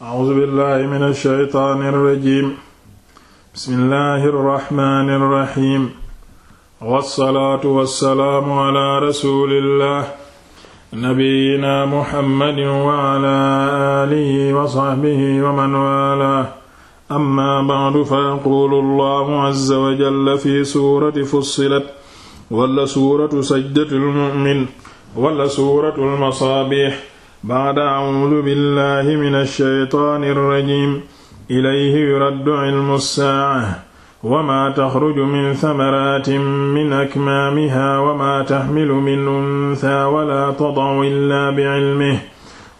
a'uuzu billahi mina shaytaani rajiim bismillahi rahmaani rahiim wassalaatu wassalaamu ala rasulillah nabiyyina muhammadin wa ala alihi wa sahbihi wa man waalaahu amma ba'du fa yaquulu allahu azza wa jalla fi suurati fussilat wala suuratu sajdatil mu'min wala suuratul masaabih ba'da a'uudu billahi mina shaytaani rajiim ilayhi yuraddu ilmu saa'a wa maa taxruju min samaraatin min akmaamihaa wa maa taxmilu min unsaa wa laa tada'u illaa bi'ilmihi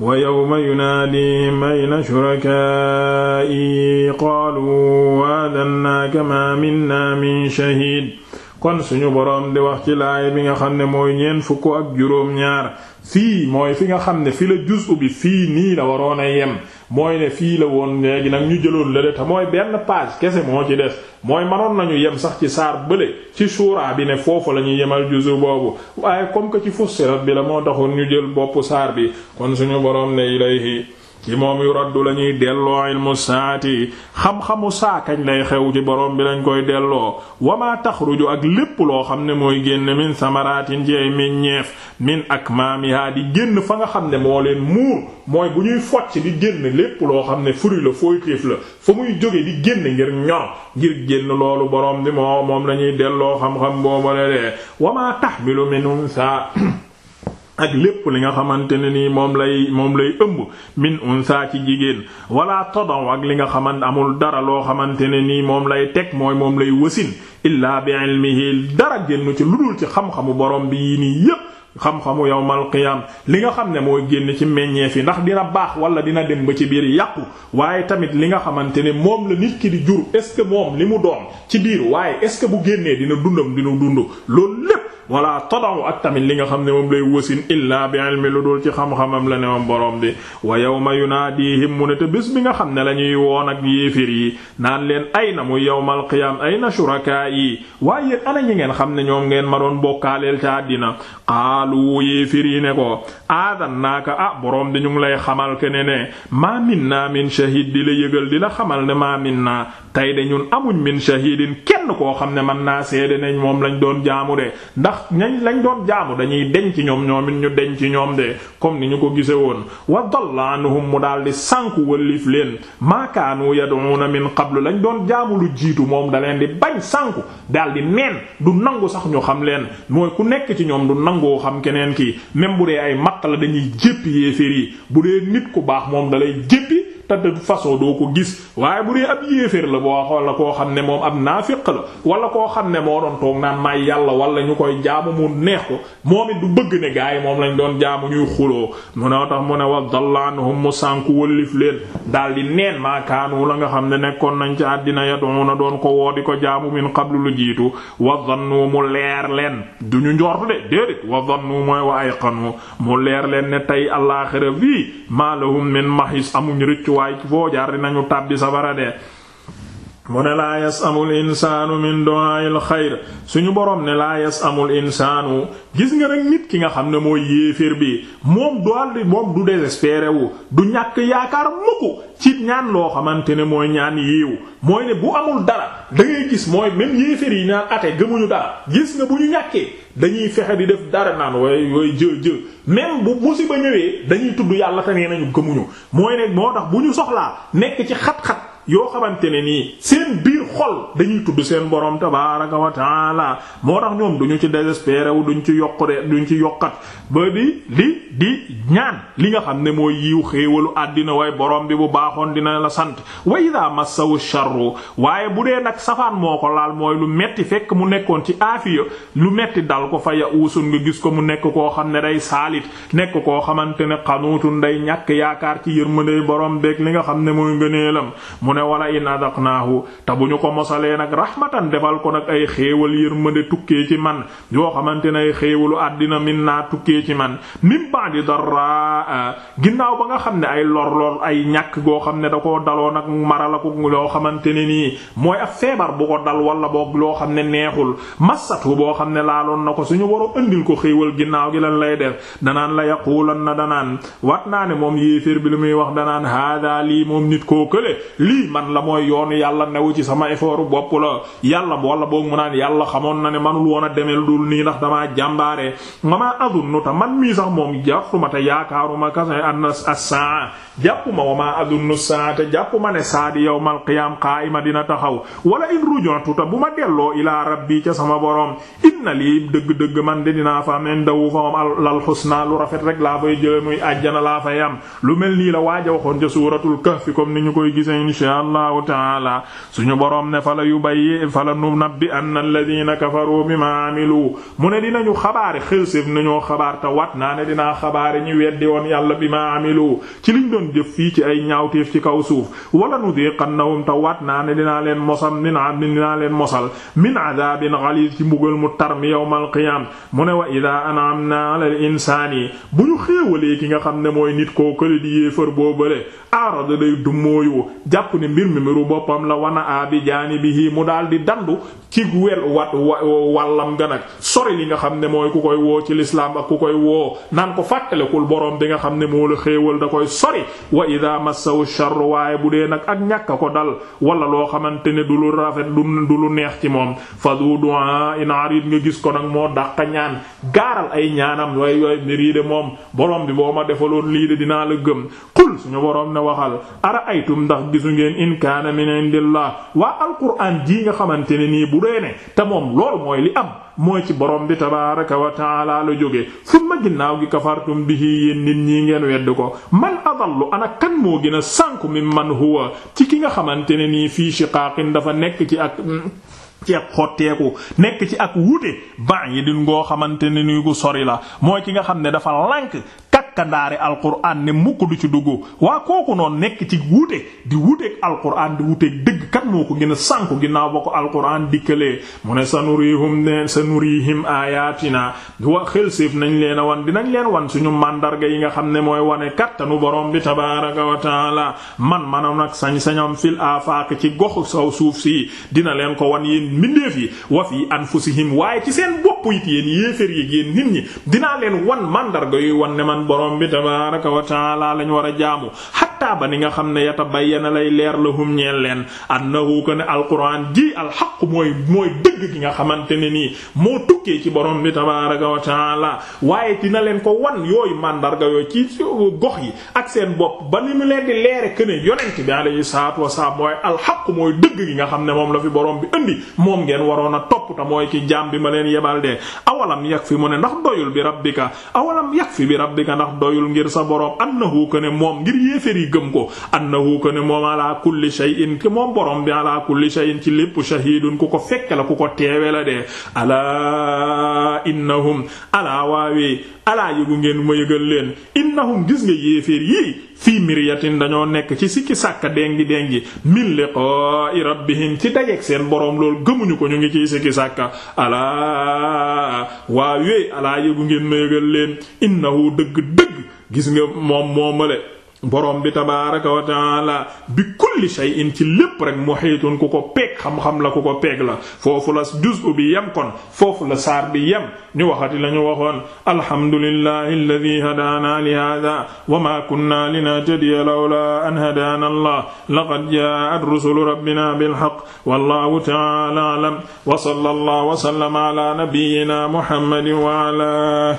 wa yawma yunaadiihim ayna shurakaa'ii qaaluu aadhannaaka maa minnaa min shahiid kon suñu boroom di wax ci laay bi nga xam ne mooy ñeent fukk ak juróom-ñaar fii mooy fi nga xam ne fi la juzu bi fii nii la waroon a yem mooy ne fii la woon léegi nag ñu jëloon la de te mooy benn page kese moo ci des mooy manoon nañu yem sax ci saar bële ci suuraa bi ne foofu la ñuy yemal juzu boobu aay comme que ci fussilat bi la moo taxoon ñu jël bopp saar bi kon suñu boroom ne ilayhi ci moom yu raddu la ñuy delloo ilmu saati xam-xamu saakañ lay xew ci boroom bi lañ koy delloo tax taxruju ak lépp loo xam ne mooy génn min samaratin ci ay meññeef min ak akmaamiha di génn fa nga xam ne moo leen muur mooy bu ñuy focc di génn lépp loo xam ne fruit la fooytéef la fa muy jóge di génn ngir ñor ngir génn loolu borom bi moo moom la delloo xam-xam boobale dee wama tahmilu min unsa ak lépp li nga xamante ne nii moom lay moom lay ëmb min unsa ci jigéen wala tadon ak li nga xamante amul dara loo xamante ne nii moom lay teg mooy moom lay wasin illaa bi ilmihi dara génn ci lu dul ci xam-xamu borom bi yii nii yépp xam-xamu yawmal qiyam li nga xam ne mooy génn ci meññeef yi ndax dina baax wala dina dem ba ci biir yàqu waaye tamit li nga xamante ne moom la nit ki di jur est moom li mu doom ci biir waaye est bu génnee dina dundam dina dund loolu lépp wala tadaw ak tamit li nga xam ne moom lay wasin illaa bi ilmi lu dul ci xam-xamam la ne moom borom bi wa yawma yunaadihim mu ne te bés bi nga xam ne la ñuy woon ak yéefir yi naan leen ay na muy yawmal qiyaam ay na shurakaa yi waaye yéen ana ñi ngeen xam ne ñoom ngeen ma doon bokkaaleel ci àddina qaalu yéefir yi ne ko aadan naaka ah borom di ñu lay xamal ke ne ne maa naa min shahid di la yëgal di la xamal ne maa minna tey de ñun amuñ min shahidin kenn koo xam ne man naa seede ne moom lañ doon jaamu de tax lañ doon jaamu dañuy deñ ci ñoom ñoom it ñu deñ ci ñoom de comme ni ñu ko gise woon wa dalla anhum mu daal di sànku wëllif leen maakaanu yad'una min xablu lañ doon jaamu lu jiitu moom da leen di bañ sànku daal di neen du nangu sax ñu xam leen mooy ku nekk ci ñoom du nangoo xam keneen ki même bu dee ay matt la dañuy jéppi yéeféer yi bu dee nit ku baax moom dalay jéppi te de façon doo ko gis waaye bu dee ab yéeféer la boo xool la koo xam ne moom ab naafiq la wala koo xam ne moo doon toog naan may yàlla wala ñu koy jaamu mu neex ko moom it du bëgg ne gaa yi moom lañ doon jaamu ñuy xuloo mu ne tax mu ne wa dalla anhum mu sànku wëllif leen daal di neen maakaanu la nga xam ne nekkoon nañ ci àddina yaduna doon ko woo di ko jaamu min qablu lu jiitu wa dhannu mu leer leen du ñu njort de déedéet wa dhannu mooy wa ayqanu tey àllaxira fii ma lahum waay foo jaar dinañu tàbbi safara de mu ne laa yas amul insaanu min du'aa'il xayr suñu boroom ne laa yas amul insaanu gis nga nag nit ki nga xam ne mooy yéeféer bi moom dool di moom du désespéré wu du ñàkk yaakaar mukk ci ñaan loo xamante ne mooy ñaan yiiw mooy ne bu amul dara da gis mooy même yéeféer yi naan ate gëmuñu dara gis nga bu ñu ñàkkee dañuy fexe di def dara naan way way jë jë même bu musiba ñëwee dañuy tudd yàlla te nee nañu gëmuñu mooy ne moo tax bu ñu soxlaa nekk ci xat yoo xamante ne nii seen biir xol dañuy tudd seen boroom tabaaraka wa taala moo tax ñoom duñu ci désespéré wu duñ ci yokk de ci yokkat ba di di di ñaan li nga xam ne mooy yiw xéewalu àddina way borom bi bu baaxoon dina la sant wa idaa massawu sharru waaye bu dee nag safaan moo ko laal mooy lu metti fekk mu nekkoon ci aafiya lu metti dal ko fa ya nga gis ko mu nekk koo xam ne day saalit nekk koo xamante ne xanuutun day ñàkk yaakaar ci yërmandey borom beeg li nga xam ne mooy ne wala in adaqnaahu te bu ñu ko mosalee nag rahmatan defal ko nag ay xéewal yërmande tukkee ci man yoo xamante ne ay xéewalu àddina min naa tukkee ci man min ba'di darraa ginnaaw ba nga xam ne ay lor-lor ay ñàkk goo xam ne da koo daloo nag mara la ko loo xamante ne nii mooy ab feebar bu ko dal wala boog loo xam ne neexul massatu boo xam ne laaloon na ko suñu waroo indil ko xéewal ginnaaw gi la lay def danaan la yaqulan na danaan wat naa ne moom muy wax danaan hada man la mooy yoon yàlla newu ci sama effort bopp la yàlla wala boog mu naan yàlla xamoon na ne manul woon a demel dul nii ndax damaa jàmbaare mamaa adunnu ta man mii sax moom jàppuma te yaakaaruma kase an a saa jàppuma wa maa adunnu saa te jàppuma ne saa di yawmal qiyaam qaa'ima dina taxaw wala in ruju'tu ta bu ma delloo ilaa rabbi ca sama boroom inna lii dëgg-dëgg man de dinaa fa am indahu fa am al husna lu rafet rek laa fay jële muy laa fay am lu mel nii koy gisee insha insha allahu taala suñu boroom ne fala yubayyi fala nunabbi anna alladhina kafaru bima amilu mu ne dinañu xabaare xelséf nañoo xabaar te wat naa ne dinaa xabaare ñi weddi woon yàlla bima amilu ci liñ doon jëf fii ci ay ñaawteef ci kaw suuf wala nudiqannahum te wat naa ne dinaa leen mosal min dinaa leen mosal min adabin ghaliz ci mbugal mu tar mi yawmal qiyam mu ne wa idha an'amna 'ala al-insani bu ñu xéewalee ki nga xam ne mooy nit koo kële di yéefar boobale aarada day dummóoyu jàpp ne ne mbir mi mbiru boppam la wana a bi jaanibihi mu daal di dandu ci wel wat wàllam nga nag sori li nga xam ne mooy ku koy woo ci lislaam ak ku koy woo naan ko fàttalekul boroom bi nga xam ne moo la xéewal da koy sori wa ida massahu sharru waaye bu dee nag ak ñàkk ko dal wala loo xamante ne du lu rafet du lu neex ci moom fa du du'a in arid nga gis ko nag moo dàq ñaan gaaral ay ñaanam yooy yooy mbir yi moom boroom bi boo ma defaloon lii dinaa la gëm qul suñu boroom ne waxal leen in kaana min indillah waa alquraan jii nga xamante ne nii bu dee te moom lool mooy li am mooy ci borom bi tabaaraka wa taala la jóge summa ginnaaw gi kafartum bi yéen nit ñi ngeen wedd ko man adallu ana kan moo gën a sànku mi man huwa ci ki nga xamante ne nii fii shiqaaqin dafa nekk ci ak mm, ci xotteeku nekk ci ak wuute ba ngi din ngoo xamante ne nii ku sori mooy ki nga xam ne dafa lànk dakkandaare alquran ne mukk du ci dugg waa kooku noonu nekk ci wuute di wuuteeg alquran di wuuteeg dëgg kat moo ko gën a sànku ginnaaw ba ko alquran dikkalee mu ne sanurihum ne sanurihim ayatina wa xelséef nañ leen a wan dinañ leen wan suñu mandarga yi nga xam ne mooy wane kattanu borom bi tabaraka wa taala man manam nag sañ-sañam fil afaq ci gox saw suuf si dina leen ko wan yéen mbindeef yi wa fi anfusihim waaye yi yéen nit ñi dinaa leen wan mandarga yuy wan ne man borom bi tabaaraka wa taala lañ war a jaamu xattaa ba nga xam ne ba yatabayyana lay leer lahum ñeel leen annahu ko ne alquran ji alxaqu mooy mooy dëgg gi nga xamante ne nii moo tukkee ci borom bi tabaraka wa taala waaye dina leen ko wan yooyu màndarga yooyu ci gox yi ak seen bopp ba ni mu leen di leere que ne yonent bi alayhi salaatu wasalaam dëgg gi nga xam ne moom la fi borom bi indi moom ngeen waroon a topp te mooy ki jaam bi ma leen yebal de awalam yakfi mu ne ndax doyul bi rabbika awalam yakfi bi rabbika ndax doyul ngir sa borom annahu ko ne moom ngir yéeféri gëm ko annahu ko ne moom ala kulli shay'in ke moom borom bi ala kulli shay'in ci lépp shahidun ku ko fekke la ku ko teewe la dee ala innahum ala waawee ala leen innahum gis nga yéeféer yii fii dañoo nekk ci sikki sàkka dengi ci dajeek seen boroom loolu gëmuñu ko ñu ngi ciy sikki sàkka alaa waawee alaa yëgu ngeen ma yëgal leen innahu dëgg dëgg gis nga moom moomale borom bi tabaaraka wa taala bi kulli shay'in ci lépp rek muhiitun ku ko peeg xam-xam la ku ko peeg la foofu la juz'u bi yem kon foofu la saar bi yem ñu waxati la ñu waxoon alhamdulillahi alladhi hadaana li haadha wa ma kunna linahtadiya lawla an hadaana allah laqad jaa'at rusulu rabbina bil haqq wallahu ta'ala a'lam wa sallallahu wa sallama ala nabiyyina muhammadin wa ala